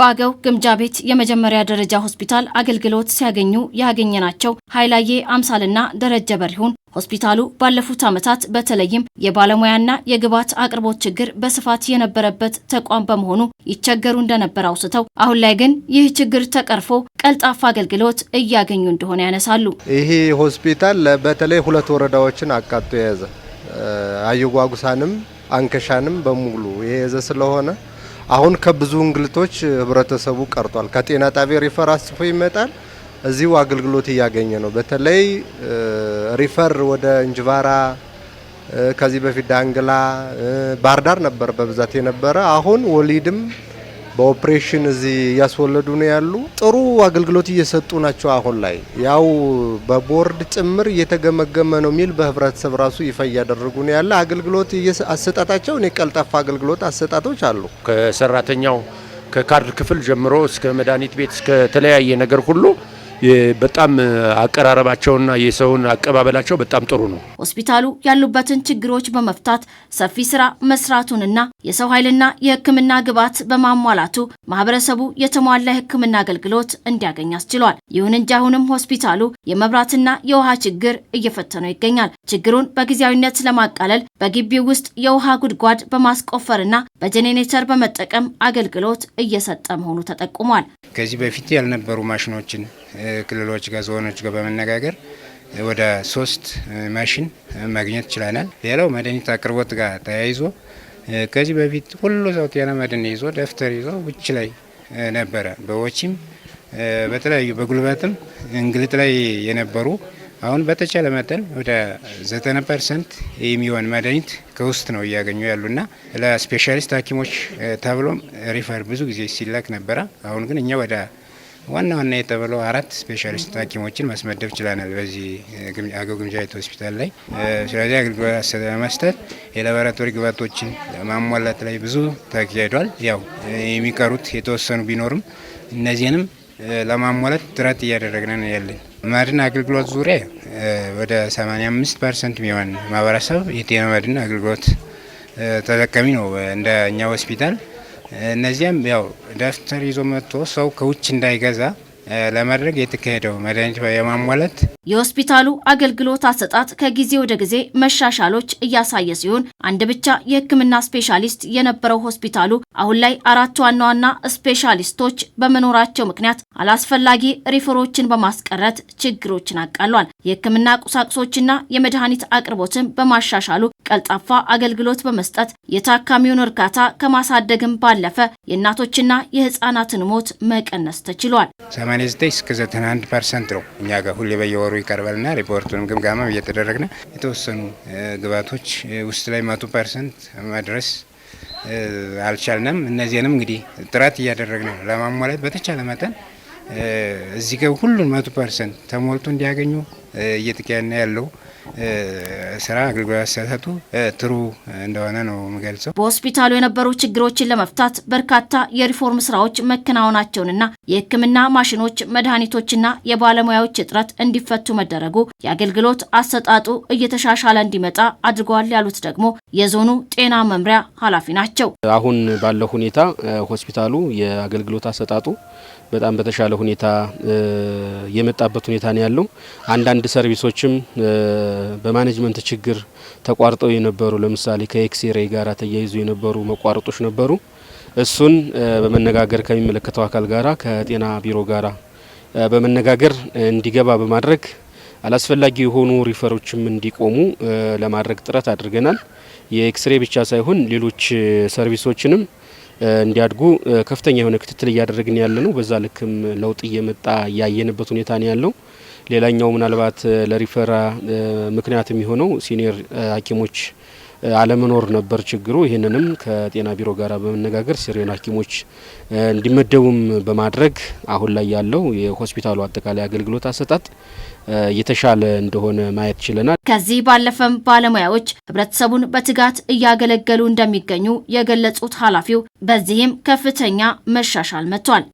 በአገው ግምጃ ቤት የመጀመሪያ ደረጃ ሆስፒታል አገልግሎት ሲያገኙ ያገኘናቸው ኃይላዬ አምሳልና ደረጀ በሪሁን ሆስፒታሉ ባለፉት ዓመታት በተለይም የባለሙያና የግብዓት አቅርቦት ችግር በስፋት የነበረበት ተቋም በመሆኑ ይቸገሩ እንደነበር አውስተው አሁን ላይ ግን ይህ ችግር ተቀርፎ ቀልጣፋ አገልግሎት እያገኙ እንደሆነ ያነሳሉ። ይህ ሆስፒታል በተለይ ሁለት ወረዳዎችን አካቶ የያዘ አየጓጉሳንም አንከሻንም በሙሉ የያዘ ስለሆነ አሁን ከብዙ እንግልቶች ህብረተሰቡ ቀርቷል። ከጤና ጣቢያ ሪፈር አስፎ ይመጣል። እዚሁ አገልግሎት እያገኘ ነው። በተለይ ሪፈር ወደ እንጅባራ ከዚህ በፊት ዳንግላ፣ ባህር ዳር ነበር በብዛት የነበረ። አሁን ወሊድም በኦፕሬሽን እዚህ እያስወለዱ ነው ያሉ። ጥሩ አገልግሎት እየሰጡ ናቸው። አሁን ላይ ያው በቦርድ ጭምር እየተገመገመ ነው የሚል በህብረተሰብ ራሱ ይፋ እያደረጉ ነው ያለ። አገልግሎት አሰጣጣቸው እኔ ቀልጣፋ አገልግሎት አሰጣጦች አሉ። ከሰራተኛው ከካርድ ክፍል ጀምሮ እስከ መድኃኒት ቤት እስከ ተለያየ ነገር ሁሉ በጣም አቀራረባቸውና የሰውን አቀባበላቸው በጣም ጥሩ ነው። ሆስፒታሉ ያሉበትን ችግሮች በመፍታት ሰፊ ስራ መስራቱንና የሰው ኃይልና የሕክምና ግብዓት በማሟላቱ ማህበረሰቡ የተሟላ የሕክምና አገልግሎት እንዲያገኝ አስችሏል። ይሁን እንጂ አሁንም ሆስፒታሉ የመብራትና የውሃ ችግር እየፈተነው ይገኛል። ችግሩን በጊዜያዊነት ለማቃለል በግቢው ውስጥ የውሃ ጉድጓድ በማስቆፈርና በጄኔሬተር በመጠቀም አገልግሎት እየሰጠ መሆኑ ተጠቁሟል። ከዚህ በፊት ያልነበሩ ማሽኖችን ክልሎች ጋር ዞኖች ጋር በመነጋገር ወደ ሶስት ማሽን ማግኘት ችለናል። ሌላው መድኃኒት አቅርቦት ጋር ተያይዞ ከዚህ በፊት ሁሉ ሰው ጤና መድን ይዞ ደብተር ይዞ ውጭ ላይ ነበረ። በወጪም በተለያዩ በጉልበትም እንግልት ላይ የነበሩ አሁን በተቻለ መጠን ወደ 90 ፐርሰንት የሚሆን መድኃኒት ከውስጥ ነው እያገኙ ያሉና ለስፔሻሊስት ሐኪሞች ተብሎም ሪፈር ብዙ ጊዜ ሲላክ ነበረ። አሁን ግን እኛ ወደ ዋና ዋና የተብለው አራት ስፔሻሊስት ሐኪሞችን ማስመደብ ችለናል በዚህ አገው ግምጃ ቤት ሆስፒታል ላይ። ስለዚህ አገልግሎት መስጠት የላቦራቶሪ ግባቶችን ማሟላት ላይ ብዙ ተካሂዷል። ያው የሚቀሩት የተወሰኑ ቢኖርም እነዚህንም ለማሟላት ጥረት እያደረግን ያለን መድን አገልግሎት ዙሪያ ወደ 85 ፐርሰንት የሚሆን ማህበረሰብ የጤና መድን አገልግሎት ተጠቃሚ ነው እንደ እኛ ሆስፒታል። እነዚያም ያው ደፍተር ይዞ መጥቶ ሰው ከውጭ እንዳይገዛ ለማድረግ የተካሄደው መድኃኒት የማሟላት የሆስፒታሉ አገልግሎት አሰጣጥ ከጊዜ ወደ ጊዜ መሻሻሎች እያሳየ ሲሆን አንድ ብቻ የሕክምና ስፔሻሊስት የነበረው ሆስፒታሉ አሁን ላይ አራት ዋና ዋና ስፔሻሊስቶች በመኖራቸው ምክንያት አላስፈላጊ ሪፈሮችን በማስቀረት ችግሮችን አቃሏል። የሕክምና ቁሳቁሶችና የመድኃኒት አቅርቦትን በማሻሻሉ ቀልጣፋ አገልግሎት በመስጠት የታካሚውን እርካታ ከማሳደግም ባለፈ የእናቶችና የህፃናትን ሞት መቀነስ ተችሏል። 89 እስከ 91 ፐርሰንት ነው። እኛ ጋር ሁሌ በየወሩ ይቀርባልና ሪፖርቱንም ግምጋማም እየተደረግነ የተወሰኑ ግባቶች ውስጥ ላይ መቶ ፐርሰንት መድረስ አልቻልንም። እነዚህንም እንግዲህ ጥረት እያደረግን ነው ለማሟላት በተቻለ መጠን እዚህ ጋር ሁሉን መቶ ፐርሰንት ተሞልቶ እንዲያገኙ እየተካሄደ ያለው ስራ አገልግሎት አሰጣጡ ጥሩ እንደሆነ ነው የምገልጸው። በሆስፒታሉ የነበሩ ችግሮችን ለመፍታት በርካታ የሪፎርም ስራዎች መከናወናቸውንና የሕክምና ማሽኖች፣ መድኃኒቶችና የባለሙያዎች እጥረት እንዲፈቱ መደረጉ የአገልግሎት አሰጣጡ እየተሻሻለ እንዲመጣ አድርገዋል ያሉት ደግሞ የዞኑ ጤና መምሪያ ኃላፊ ናቸው። አሁን ባለው ሁኔታ ሆስፒታሉ የአገልግሎት አሰጣጡ በጣም በተሻለ ሁኔታ የመጣበት ሁኔታ ነው ያለው አንዳንድ ሰርቪሶችም በማኔጅመንት ችግር ተቋርጠው የነበሩ ለምሳሌ ከኤክስሬይ ጋር ተያይዞ የነበሩ መቋረጦች ነበሩ። እሱን በመነጋገር ከሚመለከተው አካል ጋራ ከጤና ቢሮ ጋራ በመነጋገር እንዲገባ በማድረግ አላስፈላጊ የሆኑ ሪፈሮችም እንዲቆሙ ለማድረግ ጥረት አድርገናል። የኤክስሬ ብቻ ሳይሆን ሌሎች ሰርቪሶችንም እንዲያድጉ ከፍተኛ የሆነ ክትትል እያደረግን ያለ ነው። በዛ ልክም ለውጥ እየመጣ እያየንበት ሁኔታ ነው ያለው። ሌላኛው ምናልባት ለሪፈራ ምክንያት የሚሆነው ሲኒየር ሐኪሞች አለመኖር ነበር ችግሩ። ይህንንም ከጤና ቢሮ ጋር በመነጋገር ሲሪየን ሐኪሞች እንዲመደቡም በማድረግ አሁን ላይ ያለው የሆስፒታሉ አጠቃላይ አገልግሎት አሰጣጥ እየተሻለ እንደሆነ ማየት ችለናል። ከዚህ ባለፈም ባለሙያዎች ህብረተሰቡን በትጋት እያገለገሉ እንደሚገኙ የገለጹት ኃላፊው፣ በዚህም ከፍተኛ መሻሻል መጥቷል።